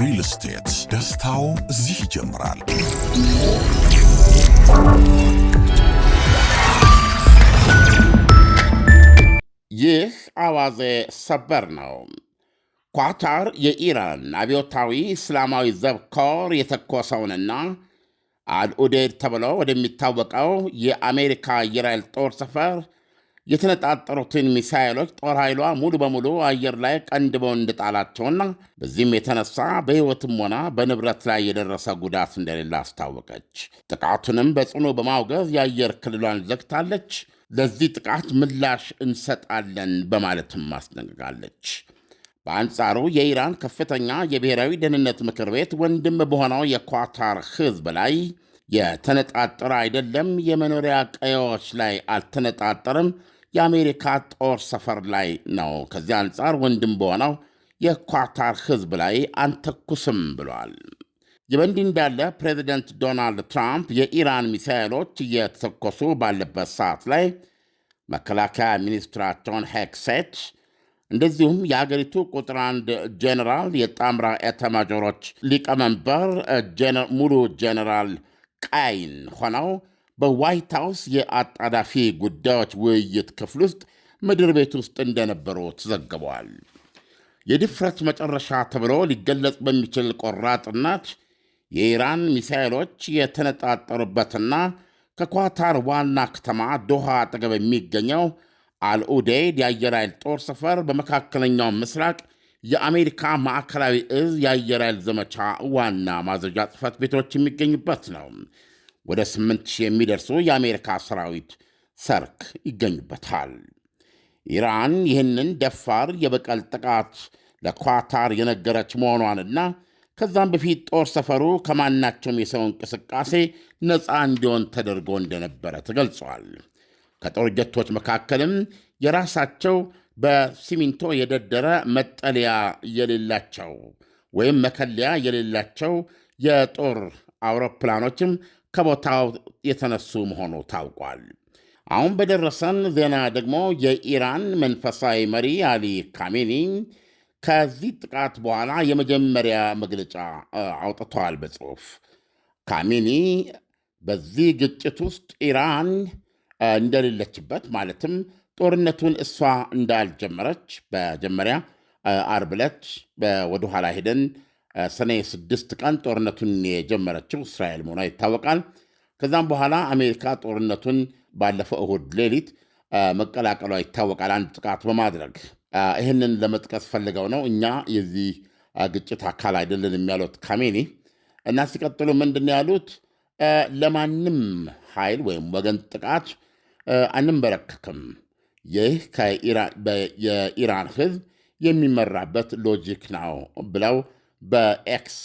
ሪል ስቴት ደስታው እዚህ ይጀምራል። ይህ አዋዜ ሰበር ነው። ኳታር የኢራን አብዮታዊ እስላማዊ ዘብ ኮር የተኮሰውንና አልኡዴድ ተብሎ ወደሚታወቀው የአሜሪካ የራይል ጦር ሰፈር የተነጣጠሩትን ሚሳይሎች ጦር ኃይሏ ሙሉ በሙሉ አየር ላይ ቀንድበው እንደጣላቸውና በዚህም የተነሳ በሕይወትም ሆነ በንብረት ላይ የደረሰ ጉዳት እንደሌለ አስታወቀች። ጥቃቱንም በጽኑ በማውገዝ የአየር ክልሏን ዘግታለች። ለዚህ ጥቃት ምላሽ እንሰጣለን በማለትም አስጠንቅቃለች። በአንጻሩ የኢራን ከፍተኛ የብሔራዊ ደህንነት ምክር ቤት ወንድም በሆነው የኳታር ሕዝብ ላይ የተነጣጠረ አይደለም፣ የመኖሪያ ቀዮች ላይ አልተነጣጠርም፣ የአሜሪካ ጦር ሰፈር ላይ ነው። ከዚህ አንጻር ወንድም በሆነው የኳታር ሕዝብ ላይ አንተኩስም ብሏል። ይህ በእንዲህ እንዳለ ፕሬዚደንት ዶናልድ ትራምፕ የኢራን ሚሳይሎች እየተተኮሱ ባለበት ሰዓት ላይ መከላከያ ሚኒስትራቸውን ሄክሴች እንደዚሁም የአገሪቱ ቁጥር አንድ ጄኔራል የጣምራ ኤተማጆሮች ሊቀመንበር ሙሉ ጄኔራል ቃይን ሆነው በዋይት ሃውስ የአጣዳፊ ጉዳዮች ውይይት ክፍል ውስጥ ምድር ቤት ውስጥ እንደነበሩ ተዘግበዋል። የድፍረት መጨረሻ ተብሎ ሊገለጽ በሚችል ቆራጥነት የኢራን ሚሳይሎች የተነጣጠሩበትና ከኳታር ዋና ከተማ ዶሃ አጠገብ የሚገኘው አልኡዴይድ የአየር ኃይል ጦር ሰፈር በመካከለኛው ምስራቅ የአሜሪካ ማዕከላዊ እዝ የአየር ኃይል ዘመቻ ዋና ማዘዣ ጽህፈት ቤቶች የሚገኙበት ነው። ወደ 8000 የሚደርሱ የአሜሪካ ሰራዊት ሰርክ ይገኙበታል። ኢራን ይህንን ደፋር የበቀል ጥቃት ለኳታር የነገረች መሆኗንና ከዛም በፊት ጦር ሰፈሩ ከማናቸውም የሰው እንቅስቃሴ ነፃ እንዲሆን ተደርጎ እንደነበረ ተገልጿል። ከጦር ጀቶች መካከልም የራሳቸው በሲሚንቶ የደደረ መጠለያ የሌላቸው ወይም መከለያ የሌላቸው የጦር አውሮፕላኖችም ከቦታው የተነሱ መሆኑ ታውቋል። አሁን በደረሰን ዜና ደግሞ የኢራን መንፈሳዊ መሪ አሊ ካሜኒ ከዚህ ጥቃት በኋላ የመጀመሪያ መግለጫ አውጥተዋል። በጽሁፍ ካሜኒ በዚህ ግጭት ውስጥ ኢራን እንደሌለችበት ማለትም ጦርነቱን እሷ እንዳልጀመረች በጀመሪያ አርብ ዕለት ወደኋላ ሄደን ሰኔ ስድስት ቀን ጦርነቱን የጀመረችው እስራኤል መሆኗ ይታወቃል። ከዛም በኋላ አሜሪካ ጦርነቱን ባለፈው እሁድ ሌሊት መቀላቀሏ ይታወቃል፣ አንድ ጥቃት በማድረግ ይህንን ለመጥቀስ ፈልገው ነው። እኛ የዚህ ግጭት አካል አይደለንም ያሉት ካሜኒ እና ሲቀጥሉ ምንድን ነው ያሉት? ለማንም ኃይል ወይም ወገን ጥቃት አንንበረከክም ይህ የኢራን ህዝብ የሚመራበት ሎጂክ ነው ብለው በኤክስ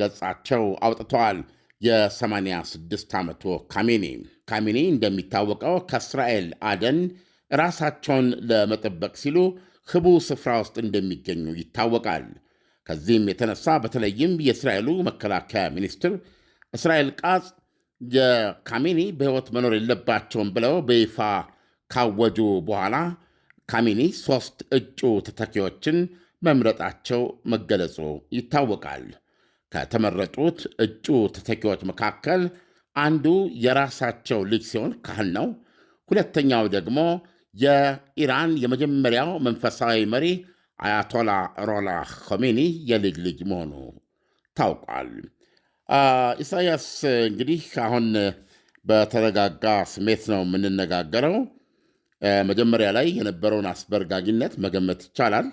ገጻቸው አውጥተዋል። የ86 ዓመቱ ካሜኒ ካሜኒ እንደሚታወቀው ከእስራኤል አደን ራሳቸውን ለመጠበቅ ሲሉ ህቡ ስፍራ ውስጥ እንደሚገኙ ይታወቃል። ከዚህም የተነሳ በተለይም የእስራኤሉ መከላከያ ሚኒስትር እስራኤል ቃጽ የካሜኒ በሕይወት መኖር የለባቸውም ብለው በይፋ ካወጁ በኋላ ካሚኒ ሦስት እጩ ተተኪዎችን መምረጣቸው መገለጹ ይታወቃል። ከተመረጡት እጩ ተተኪዎች መካከል አንዱ የራሳቸው ልጅ ሲሆን ካህን ነው። ሁለተኛው ደግሞ የኢራን የመጀመሪያው መንፈሳዊ መሪ አያቶላ ሮላ ኮሜኒ የልጅ ልጅ መሆኑ ታውቋል። ኢሳያስ እንግዲህ አሁን በተረጋጋ ስሜት ነው የምንነጋገረው። መጀመሪያ ላይ የነበረውን አስበርጋጊነት መገመት ይቻላል።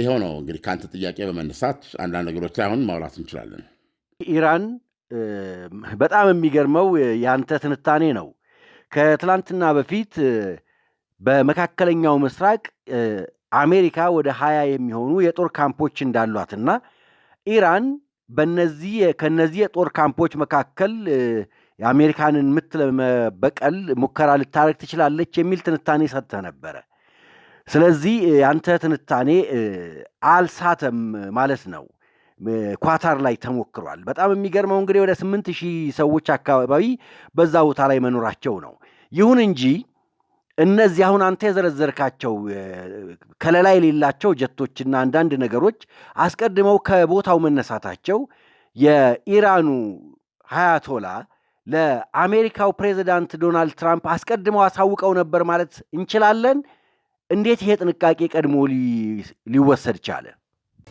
ይኸው ነው እንግዲህ ከአንተ ጥያቄ በመነሳት አንዳንድ ነገሮች ላይ አሁን ማውራት እንችላለን። ኢራን በጣም የሚገርመው የአንተ ትንታኔ ነው። ከትላንትና በፊት በመካከለኛው ምስራቅ አሜሪካ ወደ ሀያ የሚሆኑ የጦር ካምፖች እንዳሏትና ኢራን በነዚህ ከነዚህ የጦር ካምፖች መካከል የአሜሪካንን ምት ለመበቀል ሙከራ ልታደረግ ትችላለች የሚል ትንታኔ ሰጥተ ነበረ። ስለዚህ ያንተ ትንታኔ አልሳተም ማለት ነው። ኳታር ላይ ተሞክሯል። በጣም የሚገርመው እንግዲህ ወደ ስምንት ሺህ ሰዎች አካባቢ በዛ ቦታ ላይ መኖራቸው ነው። ይሁን እንጂ እነዚህ አሁን አንተ የዘረዘርካቸው ከለላ የሌላቸው ጀቶችና አንዳንድ ነገሮች አስቀድመው ከቦታው መነሳታቸው የኢራኑ ሀያቶላ ለአሜሪካው ፕሬዚዳንት ዶናልድ ትራምፕ አስቀድመው አሳውቀው ነበር ማለት እንችላለን? እንዴት ይሄ ጥንቃቄ ቀድሞ ሊወሰድ ቻለ?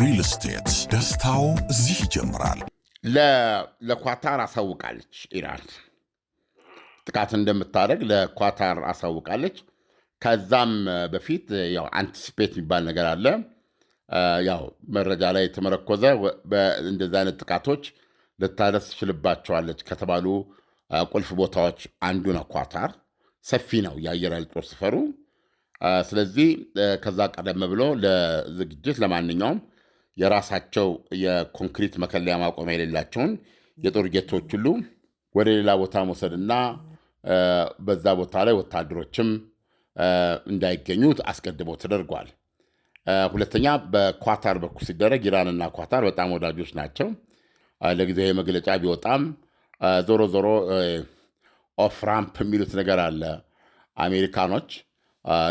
ሪል ስቴት ደስታው እዚህ ይጀምራል። ለኳታር አሳውቃለች ኢራን ጥቃት እንደምታደርግ ለኳታር አሳውቃለች። ከዛም በፊት ያው አንቲሲፔት የሚባል ነገር አለ። ያው መረጃ ላይ የተመረኮዘ እንደዚህ አይነት ጥቃቶች ልታደርስ ትችልባቸዋለች ከተባሉ ቁልፍ ቦታዎች አንዱ ነው። ኳታር ሰፊ ነው የአየር ኃይል ጦር ሰፈሩ። ስለዚህ ከዛ ቀደም ብሎ ለዝግጅት ለማንኛውም የራሳቸው የኮንክሪት መከለያ ማቆሚያ የሌላቸውን የጦር ጀቶች ሁሉ ወደ ሌላ ቦታ መውሰድና በዛ ቦታ ላይ ወታደሮችም እንዳይገኙ አስቀድሞ ተደርጓል። ሁለተኛ በኳታር በኩል ሲደረግ ኢራንና ኳታር በጣም ወዳጆች ናቸው። ለጊዜው መግለጫ ቢወጣም ዞሮ ዞሮ ኦፍ ራምፕ የሚሉት ነገር አለ። አሜሪካኖች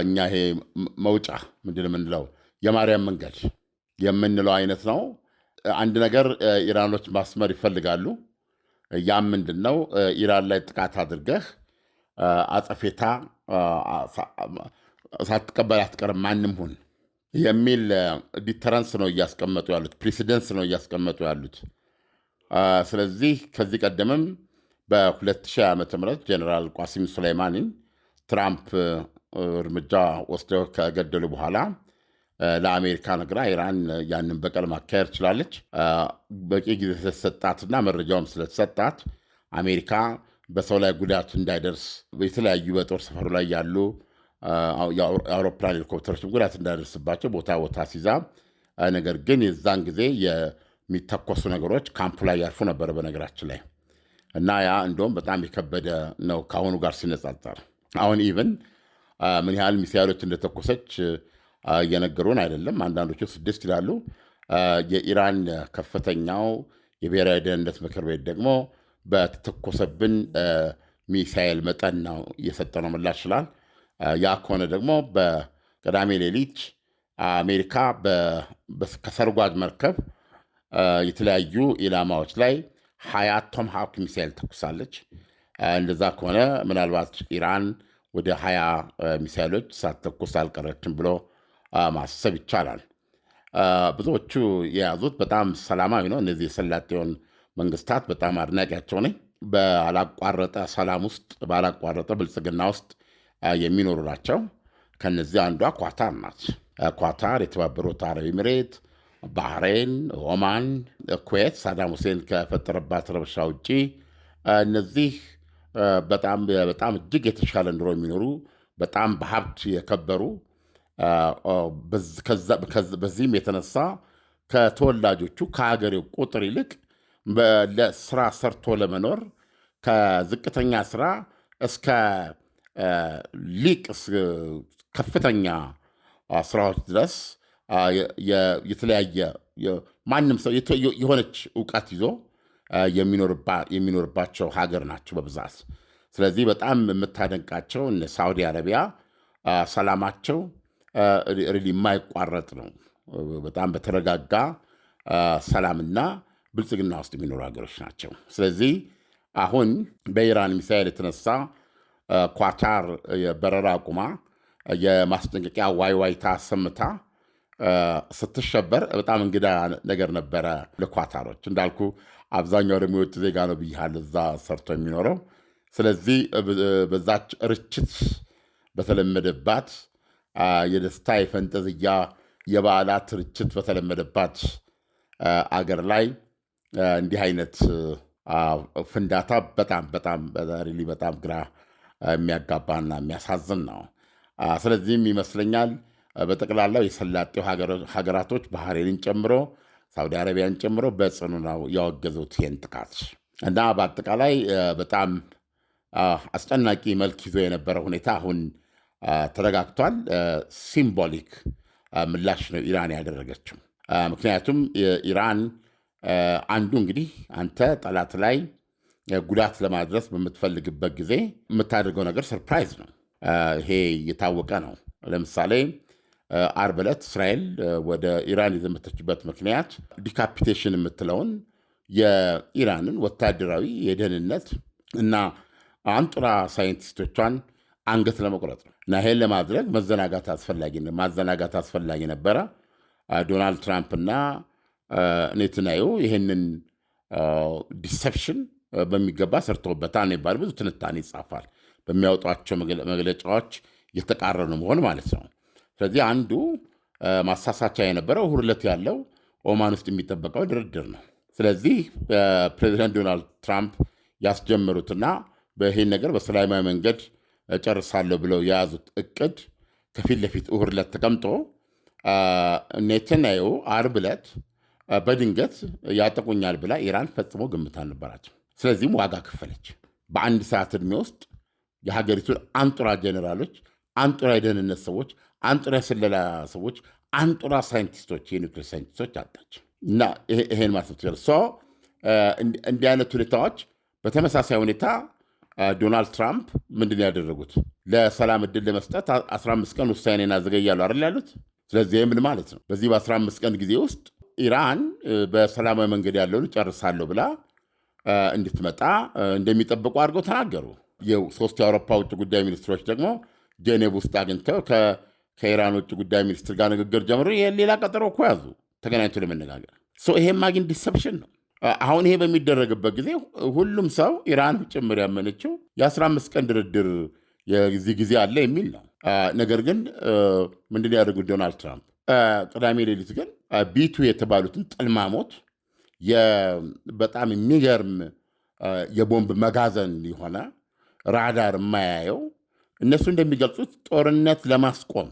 እኛ ይሄ መውጫ ምንድን የምንለው የማርያም መንገድ የምንለው አይነት ነው። አንድ ነገር ኢራኖች ማስመር ይፈልጋሉ። ያ ምንድን ነው? ኢራን ላይ ጥቃት አድርገህ አጸፌታ ሳትቀበል አትቀርም ማንም ሁን የሚል ዲተረንስ ነው እያስቀመጡ ያሉት፣ ፕሬሲደንስ ነው እያስቀመጡ ያሉት። ስለዚህ ከዚህ ቀደምም በ2000 ዓ ም ጀኔራል ቋሲም ሱላይማኒን ትራምፕ እርምጃ ወስደው ከገደሉ በኋላ ለአሜሪካ ነግራ ኢራን ያንን በቀል ማካሄድ ችላለች። በቂ ጊዜ ስለተሰጣትና መረጃውም ስለተሰጣት አሜሪካ በሰው ላይ ጉዳት እንዳይደርስ የተለያዩ በጦር ሰፈሩ ላይ ያሉ የአውሮፕላን ሄሊኮፕተሮችም ጉዳት እንዳይደርስባቸው ቦታ ቦታ ሲዛ፣ ነገር ግን የዛን ጊዜ የሚተኮሱ ነገሮች ካምፕ ላይ ያርፉ ነበረ በነገራችን ላይ እና ያ እንደውም በጣም የከበደ ነው ከአሁኑ ጋር ሲነጻጸር። አሁን ኢቨን ምን ያህል ሚሳይሎች እንደተኮሰች እየነገሩን አይደለም። አንዳንዶቹ ስድስት ይላሉ። የኢራን ከፍተኛው የብሔራዊ ደህንነት ምክር ቤት ደግሞ በተተኮሰብን ሚሳኤል መጠን ነው ነው ምላሽ ችላል። ያ ከሆነ ደግሞ በቅዳሜ ሌሊት አሜሪካ ከሰርጓጅ መርከብ የተለያዩ ኢላማዎች ላይ ሀያ አቶም ሀክ ሚሳኤል ተኩሳለች። እንደዛ ከሆነ ምናልባት ኢራን ወደ ሀያ ሚሳኤሎች ሳትተኩስ አልቀረችም ብሎ ማሰብ ይቻላል። ብዙዎቹ የያዙት በጣም ሰላማዊ ነው። እነዚህ የሰላጤውን መንግስታት በጣም አድናቂያቸው ነኝ። ባላቋረጠ ሰላም ውስጥ ባላቋረጠ ብልጽግና ውስጥ የሚኖሩ ናቸው። ከነዚህ አንዷ ኳታር ናት። ኳታር፣ የተባበሩት አረብ ኤሚሬት፣ ባህሬን፣ ኦማን፣ ኩዌት ሳዳም ሁሴን ከፈጠረባት ረብሻ ውጪ እነዚህ በጣም በጣም እጅግ የተሻለ ኑሮ የሚኖሩ በጣም በሀብት የከበሩ በዚህም የተነሳ ከተወላጆቹ ከሀገሬው ቁጥር ይልቅ ስራ ሰርቶ ለመኖር ከዝቅተኛ ስራ እስከ ሊቅ ከፍተኛ ስራዎች ድረስ የተለያየ ማንም ሰው የሆነች እውቀት ይዞ የሚኖርባቸው ሀገር ናቸው በብዛት። ስለዚህ በጣም የምታደንቃቸው እነ አረቢያ ሰላማቸው የማይቋረጥ ነው። በጣም በተረጋጋ ሰላምና ብልጽግና ውስጥ የሚኖሩ ሀገሮች ናቸው። ስለዚህ አሁን በኢራን ሚሳኤል የተነሳ ኳታር በረራ አቁማ የማስጠንቀቂያ ዋይዋይታ ሰምታ ስትሸበር በጣም እንግዳ ነገር ነበረ ለኳታሮች። እንዳልኩ አብዛኛው ደግሞ የውጭ ዜጋ ነው ብያል እዛ ሰርቶ የሚኖረው ስለዚህ በዛች ርችት በተለመደባት የደስታ የፈንጠዝያ የበዓላት ትርችት በተለመደባት አገር ላይ እንዲህ አይነት ፍንዳታ በጣም በጣም ሪሊ በጣም ግራ የሚያጋባና የሚያሳዝን ነው። ስለዚህም ይመስለኛል በጠቅላላው የሰላጤው ሀገራቶች ባህሬንን ጨምሮ ሳውዲ አረቢያን ጨምሮ በጽኑ ነው ያወገዙት ይህን ጥቃት እና በአጠቃላይ በጣም አስጨናቂ መልክ ይዞ የነበረ ሁኔታ አሁን ተረጋግቷል። ሲምቦሊክ ምላሽ ነው ኢራን ያደረገችው። ምክንያቱም ኢራን አንዱ እንግዲህ አንተ ጠላት ላይ ጉዳት ለማድረስ በምትፈልግበት ጊዜ የምታደርገው ነገር ሰርፕራይዝ ነው። ይሄ እየታወቀ ነው። ለምሳሌ አርብ ዕለት እስራኤል ወደ ኢራን የዘመተችበት ምክንያት ዲካፒቴሽን የምትለውን የኢራንን ወታደራዊ የደህንነት እና አንጡራ ሳይንቲስቶቿን አንገት ለመቁረጥ ነው እና ይሄን ለማድረግ መዘናጋት አስፈላጊ ማዘናጋት አስፈላጊ ነበረ። ዶናልድ ትራምፕና ኔትናዩ ይህንን ዲሰፕሽን በሚገባ ሰርተውበታል የሚባል ብዙ ትንታኔ ይጻፋል። በሚያወጧቸው መግለጫዎች የተቃረኑ መሆን ማለት ነው። ስለዚህ አንዱ ማሳሳቻ የነበረው እሑድ ዕለት ያለው ኦማን ውስጥ የሚጠበቀው ድርድር ነው። ስለዚህ ፕሬዚደንት ዶናልድ ትራምፕ ያስጀመሩትና በይህን ነገር በሰላማዊ መንገድ እጨርሳለሁ ብለው የያዙት እቅድ ከፊት ለፊት እሁድ ዕለት ተቀምጦ ኔተንያሁ አርብ ዕለት በድንገት ያጠቁኛል ብላ ኢራን ፈጽሞ ግምት አልነበራቸው። ስለዚህም ዋጋ ከፈለች። በአንድ ሰዓት ዕድሜ ውስጥ የሀገሪቱን አንጡራ ጀኔራሎች፣ አንጡራ የደህንነት ሰዎች፣ አንጡራ የስለላ ሰዎች፣ አንጡራ ሳይንቲስቶች፣ የኒውክሌር ሳይንቲስቶች አጣች እና ይሄን ማለት ነው። እንዲህ አይነት ሁኔታዎች በተመሳሳይ ሁኔታ ዶናልድ ትራምፕ ምንድን ያደረጉት ለሰላም እድል ለመስጠት 15 ቀን ውሳኔን አዘገያሉ አይደል ያሉት። ስለዚህ ምን ማለት ነው? በዚህ በ15 ቀን ጊዜ ውስጥ ኢራን በሰላማዊ መንገድ ያለውን ጨርሳለሁ ብላ እንድትመጣ እንደሚጠብቁ አድርገው ተናገሩ። ሶስት የአውሮፓ ውጭ ጉዳይ ሚኒስትሮች ደግሞ ጄኔቭ ውስጥ አግኝተው ከኢራን ውጭ ጉዳይ ሚኒስትር ጋር ንግግር ጀምሮ ሌላ ቀጠሮ እኮ ያዙ ተገናኝቶ ለመነጋገር። ይሄም አግኝ ዲሰፕሽን ነው። አሁን ይሄ በሚደረግበት ጊዜ ሁሉም ሰው ኢራንም ጭምር ያመነችው የ15 ቀን ድርድር የዚህ ጊዜ አለ የሚል ነው። ነገር ግን ምንድን ያደርጉ ዶናልድ ትራምፕ ቅዳሜ ሌሊት ግን ቢቱ የተባሉትን ጥልማሞት በጣም የሚገርም የቦምብ መጋዘን የሆነ ራዳር የማያየው እነሱ እንደሚገልጹት ጦርነት ለማስቆም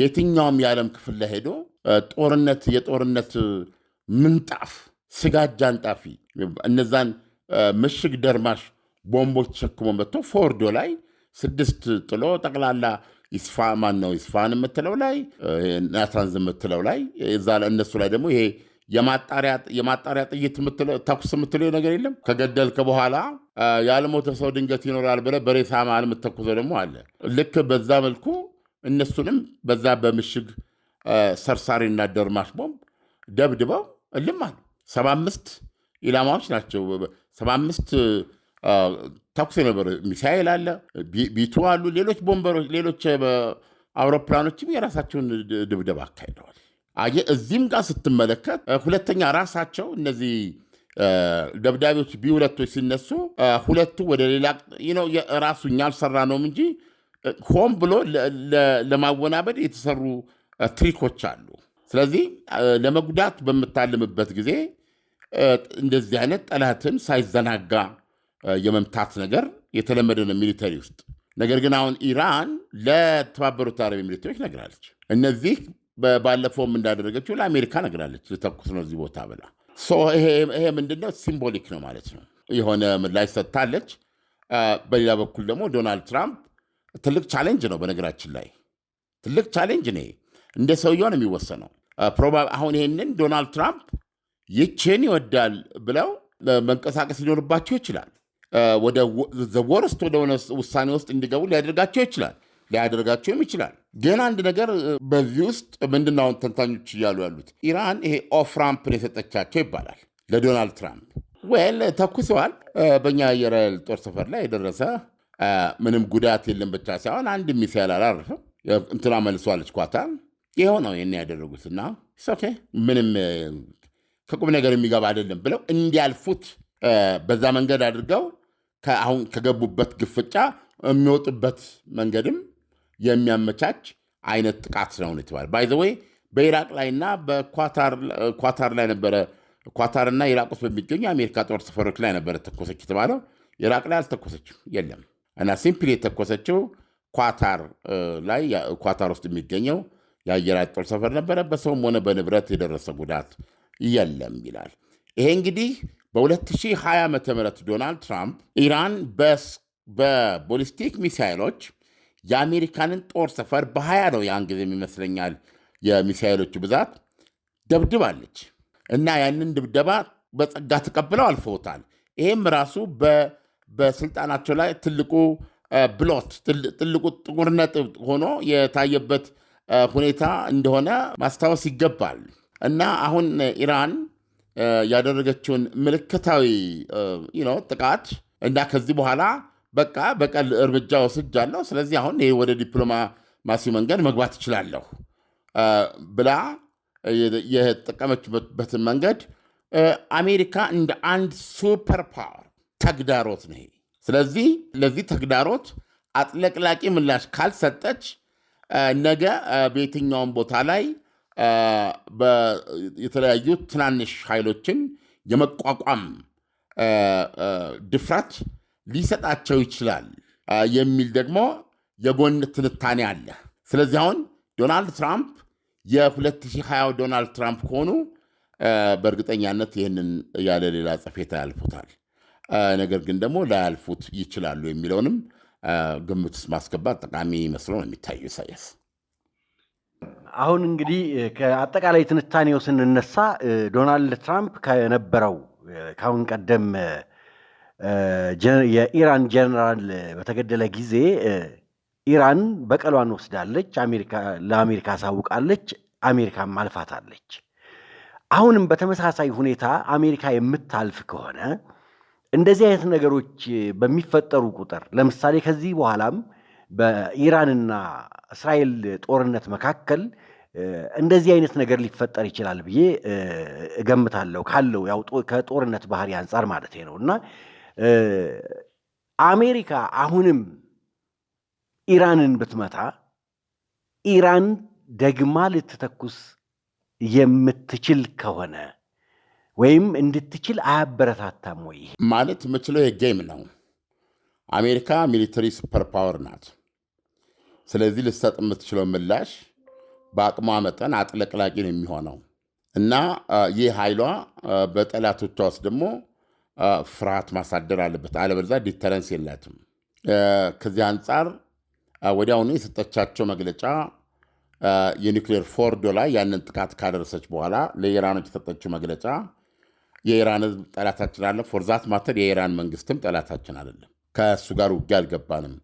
የትኛውም የዓለም ክፍል ላይ ሄዶ ጦርነት የጦርነት ምንጣፍ ስጋጃ አንጣፊ እነዛን ምሽግ ደርማሽ ቦምቦች ተሸክሞ መጥቶ ፎርዶ ላይ ስድስት ጥሎ ጠቅላላ ይስፋ ማን ነው ይስፋን የምትለው ላይ ናታንዝ የምትለው ላይ እዛ እነሱ ላይ ደግሞ ይሄ የማጣሪያ ጥይት ተኩስ የምትለው ነገር የለም። ከገደልክ በኋላ ያልሞተ ሰው ድንገት ይኖራል ብለህ በሬሳ መሃል የምተኩሰው ደግሞ አለ። ልክ በዛ መልኩ እነሱንም በዛ በምሽግ ሰርሳሪና ደርማሽ ቦምብ ደብድበው እልም አሉ። ሰባ አምስት ኢላማዎች ናቸው። ሰባ አምስት ተኩስ የነበረ ሚሳኤል አለ፣ ቢቱ አሉ፣ ሌሎች ቦምበሮች፣ ሌሎች አውሮፕላኖችም የራሳቸውን ድብደባ አካሂደዋል። አየ እዚህም ጋር ስትመለከት ሁለተኛ ራሳቸው እነዚህ ደብዳቤዎች ቢ ሁለቶች ሲነሱ ሁለቱ ወደ ሌላ ነው ራሱ እኛ አልሰራ ነውም እንጂ ሆን ብሎ ለማወናበድ የተሰሩ ትሪኮች አሉ። ስለዚህ ለመጉዳት በምታልምበት ጊዜ እንደዚህ አይነት ጠላትን ሳይዘናጋ የመምታት ነገር የተለመደ ነው ሚሊተሪ ውስጥ። ነገር ግን አሁን ኢራን ለተባበሩት አረብ ኤሚሬቶች ነግራለች። እነዚህ ባለፈውም እንዳደረገችው ለአሜሪካ ነግራለች፣ ልተኩስ ነው እዚህ ቦታ ብላ። ይሄ ምንድነው ሲምቦሊክ ነው ማለት ነው። የሆነ ምላሽ ሰጥታለች። በሌላ በኩል ደግሞ ዶናልድ ትራምፕ ትልቅ ቻሌንጅ ነው፣ በነገራችን ላይ ትልቅ ቻሌንጅ ነው። እንደ ሰውየው ነው የሚወሰነው። አሁን ይህንን ዶናልድ ትራምፕ ይችን ይወዳል ብለው መንቀሳቀስ ሊኖርባቸው ይችላል። ወደ ዘወርስት ወደሆነ ውሳኔ ውስጥ እንዲገቡ ሊያደርጋቸው ይችላል ሊያደርጋቸውም ይችላል። ግን አንድ ነገር በዚህ ውስጥ ምንድን ነው አሁን ተንታኞች እያሉ ያሉት ኢራን ይሄ ኦፍራምፕን የሰጠቻቸው ይባላል ለዶናልድ ትራምፕ ወይል ተኩሰዋል። በእኛ አየር ኃይል ጦር ሰፈር ላይ የደረሰ ምንም ጉዳት የለም ብቻ ሳይሆን አንድ ሚሳይል አላረፈም። እንትና መልሷለች ኳታ ይኸው ነው ይህን ያደረጉትና ምንም ከቁም ነገር የሚገባ አይደለም ብለው እንዲያልፉት በዛ መንገድ አድርገው አሁን ከገቡበት ግፍጫ የሚወጡበት መንገድም የሚያመቻች አይነት ጥቃት ነው ይባል ባይዘወይ በኢራቅ ላይና በኳታር ላይ ነበረ። ኳታርና ኢራቅ ውስጥ በሚገኙ የአሜሪካ ጦር ሰፈሮች ላይ ነበረ ተኮሰች የተባለው። ኢራቅ ላይ አልተኮሰችም፣ የለም እና ሲምፕል የተኮሰችው ኳታር ላይ ኳታር ውስጥ የሚገኘው የአየር ጦር ሰፈር ነበረ። በሰውም ሆነ በንብረት የደረሰ ጉዳት የለም ይላል። ይሄ እንግዲህ በ2020 ዓ ም ዶናልድ ትራምፕ ኢራን በቦሊስቲክ ሚሳይሎች የአሜሪካንን ጦር ሰፈር በሀያ ነው ያን ጊዜ ይመስለኛል የሚሳይሎቹ ብዛት ደብድባለች እና ያንን ድብደባ በጸጋ ተቀብለው አልፈውታል። ይህም ራሱ በስልጣናቸው ላይ ትልቁ ብሎት ትልቁ ጥቁር ነጥብ ሆኖ የታየበት ሁኔታ እንደሆነ ማስታወስ ይገባል። እና አሁን ኢራን ያደረገችውን ምልክታዊ ጥቃት እና ከዚህ በኋላ በቃ በቀል እርምጃ ወስጃለሁ፣ ስለዚህ አሁን ይህ ወደ ዲፕሎማሲው መንገድ መግባት እችላለሁ ብላ የጠቀመችበትን መንገድ አሜሪካ እንደ አንድ ሱፐር ፓወር ተግዳሮት ነው። ስለዚህ ለዚህ ተግዳሮት አጥለቅላቂ ምላሽ ካልሰጠች ነገ በየትኛውም ቦታ ላይ የተለያዩ ትናንሽ ኃይሎችን የመቋቋም ድፍረት ሊሰጣቸው ይችላል የሚል ደግሞ የጎን ትንታኔ አለ። ስለዚህ አሁን ዶናልድ ትራምፕ የ2020 ዶናልድ ትራምፕ ከሆኑ በእርግጠኛነት ይህንን ያለ ሌላ ጸፌታ ያልፉታል። ነገር ግን ደግሞ ላያልፉት ይችላሉ የሚለውንም ግምት ውስጥ ማስገባት ጠቃሚ መስሎ ነው የሚታዩ ኢሳያስ። አሁን እንግዲህ ከአጠቃላይ ትንታኔው ስንነሳ ዶናልድ ትራምፕ ከነበረው ከአሁን ቀደም የኢራን ጀነራል በተገደለ ጊዜ ኢራን በቀሏን ወስዳለች፣ ለአሜሪካ አሳውቃለች፣ አሜሪካም አልፋታለች። አሁንም በተመሳሳይ ሁኔታ አሜሪካ የምታልፍ ከሆነ እንደዚህ አይነት ነገሮች በሚፈጠሩ ቁጥር ለምሳሌ ከዚህ በኋላም በኢራንና እስራኤል ጦርነት መካከል እንደዚህ አይነት ነገር ሊፈጠር ይችላል ብዬ እገምታለሁ። ካለው ያው ከጦርነት ባህሪ አንጻር ማለት ነው እና አሜሪካ አሁንም ኢራንን ብትመታ ኢራን ደግማ ልትተኩስ የምትችል ከሆነ ወይም እንድትችል አያበረታታም ወይ? ማለት የምችለው የጌም ነው። አሜሪካ ሚሊተሪ ሱፐር ፓወር ናት። ስለዚህ ልሰጥ የምትችለው ምላሽ በአቅሟ መጠን አጥለቅላቂ ነው የሚሆነው እና ይህ ኃይሏ በጠላቶቿ ውስጥ ደግሞ ፍርሃት ማሳደር አለበት። አለበለዚያ ዲተረንስ የላትም። ከዚህ አንጻር ወዲያውኑ የሰጠቻቸው መግለጫ የኒክሌር ፎርዶ ላይ ያንን ጥቃት ካደረሰች በኋላ ለኢራኖች የሰጠችው መግለጫ የኢራን ሕዝብ ጠላታችን አለ፣ ፎርዛት ማተር የኢራን መንግስትም ጠላታችን አይደለም፣ ከእሱ ጋር ውጊያ አልገባንም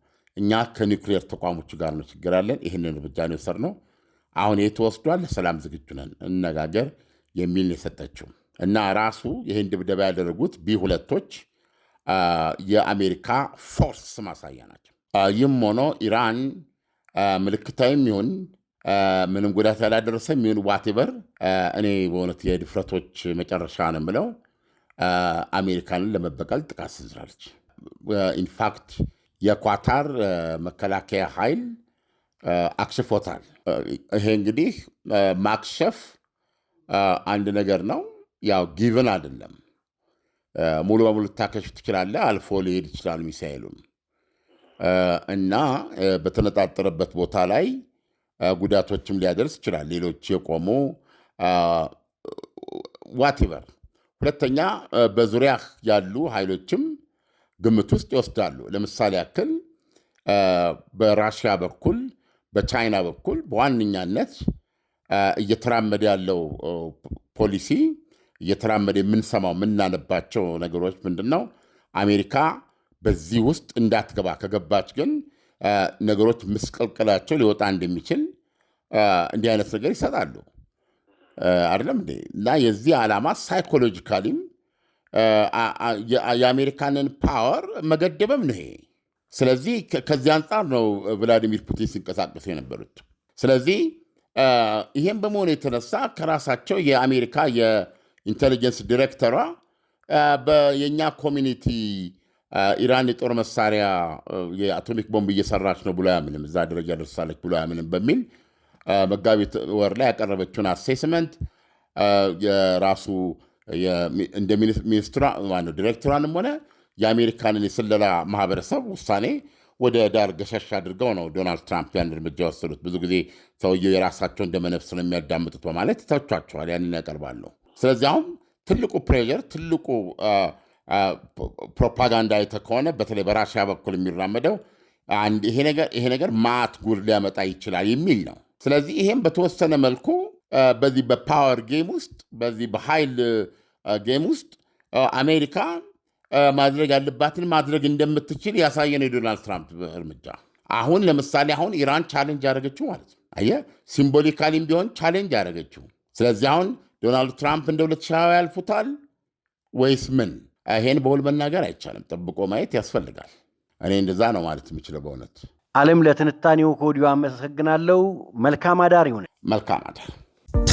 እኛ ከኒውክሌር ተቋሞቹ ጋር ነው ችግር ያለን። ይህንን እርምጃ ነው የወሰድነው። አሁን ይህ ተወስዷል። ሰላም ዝግጁ ነን፣ እነጋገር የሚል የሰጠችው እና ራሱ ይህን ድብደባ ያደረጉት ቢ ሁለቶች የአሜሪካ ፎርስ ማሳያ ናቸው። ይህም ሆኖ ኢራን ምልክታዊም ይሁን ምንም ጉዳት ያላደረሰም ይሁን ዋቴበር እኔ በእውነት የድፍረቶች መጨረሻ ነው የምለው አሜሪካንን ለመበቀል ጥቃት ሰንዝራለች ኢንፋክት የኳታር መከላከያ ኃይል አክሽፎታል። ይሄ እንግዲህ ማክሸፍ አንድ ነገር ነው። ያው ጊቭን አይደለም። ሙሉ በሙሉ ልታከሽፍ ትችላለህ። አልፎ ሊሄድ ይችላል ሚሳኤሉም እና በተነጣጠረበት ቦታ ላይ ጉዳቶችም ሊያደርስ ይችላል። ሌሎች የቆሙ ዋቴቨር። ሁለተኛ በዙሪያ ያሉ ኃይሎችም ግምት ውስጥ ይወስዳሉ። ለምሳሌ ያክል በራሽያ በኩል በቻይና በኩል በዋነኛነት እየተራመደ ያለው ፖሊሲ እየተራመደ የምንሰማው የምናነባቸው ነገሮች ምንድን ነው? አሜሪካ በዚህ ውስጥ እንዳትገባ ከገባች ግን ነገሮች ምስቅልቅላቸው ሊወጣ እንደሚችል እንዲህ አይነት ነገር ይሰጣሉ። አይደለም እንዴ? እና የዚህ ዓላማ ሳይኮሎጂካሊም የአሜሪካንን ፓወር መገደበም ነው ይሄ። ስለዚህ ከዚህ አንጻር ነው ቭላዲሚር ፑቲን ሲንቀሳቀሱ የነበሩት። ስለዚህ ይህም በመሆኑ የተነሳ ከራሳቸው የአሜሪካ የኢንቴሊጀንስ ዲሬክተሯ የእኛ ኮሚኒቲ ኢራን የጦር መሳሪያ የአቶሚክ ቦምብ እየሰራች ነው ብሎ አያምንም፣ እዛ ደረጃ ደርሳለች ብሎ አያምንም በሚል መጋቢት ወር ላይ ያቀረበችውን አሴስመንት የራሱ እንደ ሚኒስትሯ ነው ዲሬክተሯንም ሆነ የአሜሪካንን የስለላ ማህበረሰብ ውሳኔ ወደ ዳር ገሸሽ አድርገው ነው ዶናልድ ትራምፕ ያን እርምጃ የወሰዱት። ብዙ ጊዜ ሰውየው የራሳቸው እንደ መነፍስ ነው የሚያዳምጡት በማለት ተቿቸዋል። ያንን ያቀርባሉ። ስለዚህ አሁን ትልቁ ፕሬዠር ትልቁ ፕሮፓጋንዳ አይተህ ከሆነ በተለይ በራሽያ በኩል የሚራመደው ይሄ ነገር ማት ጉድ ሊያመጣ ይችላል የሚል ነው። ስለዚህ ይሄም በተወሰነ መልኩ በዚህ በፓወር ጌም ውስጥ በዚህ በኃይል ጌም ውስጥ አሜሪካ ማድረግ ያለባትን ማድረግ እንደምትችል ያሳየን የዶናልድ ትራምፕ እርምጃ። አሁን ለምሳሌ አሁን ኢራን ቻሌንጅ ያደረገችው ማለት ነው። አየህ ሲምቦሊካሊም ቢሆን ቻሌንጅ ያደረገችው። ስለዚህ አሁን ዶናልድ ትራምፕ እንደ ሁለት ያልፉታል ወይስ ምን? ይሄን በውል መናገር አይቻልም። ጠብቆ ማየት ያስፈልጋል። እኔ እንደዛ ነው ማለት የምችለው በእውነት። ዓለም ለትንታኔው ከወዲሁ አመሰግናለሁ። መልካም አዳር ይሆነ። መልካም አዳር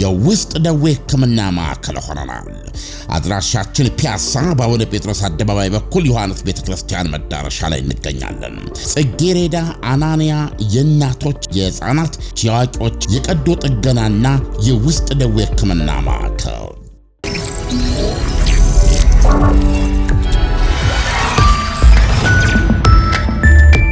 የውስጥ ደዌ ሕክምና ማዕከል ሆነናል። አድራሻችን ፒያሳ በአቡነ ጴጥሮስ አደባባይ በኩል ዮሐንስ ቤተ ክርስቲያን መዳረሻ ላይ እንገኛለን። ጽጌሬዳ፣ አናንያ፣ የእናቶች የህፃናት፣ የአዋቂዎች የቀዶ ጥገናና የውስጥ ደዌ ሕክምና ማዕከል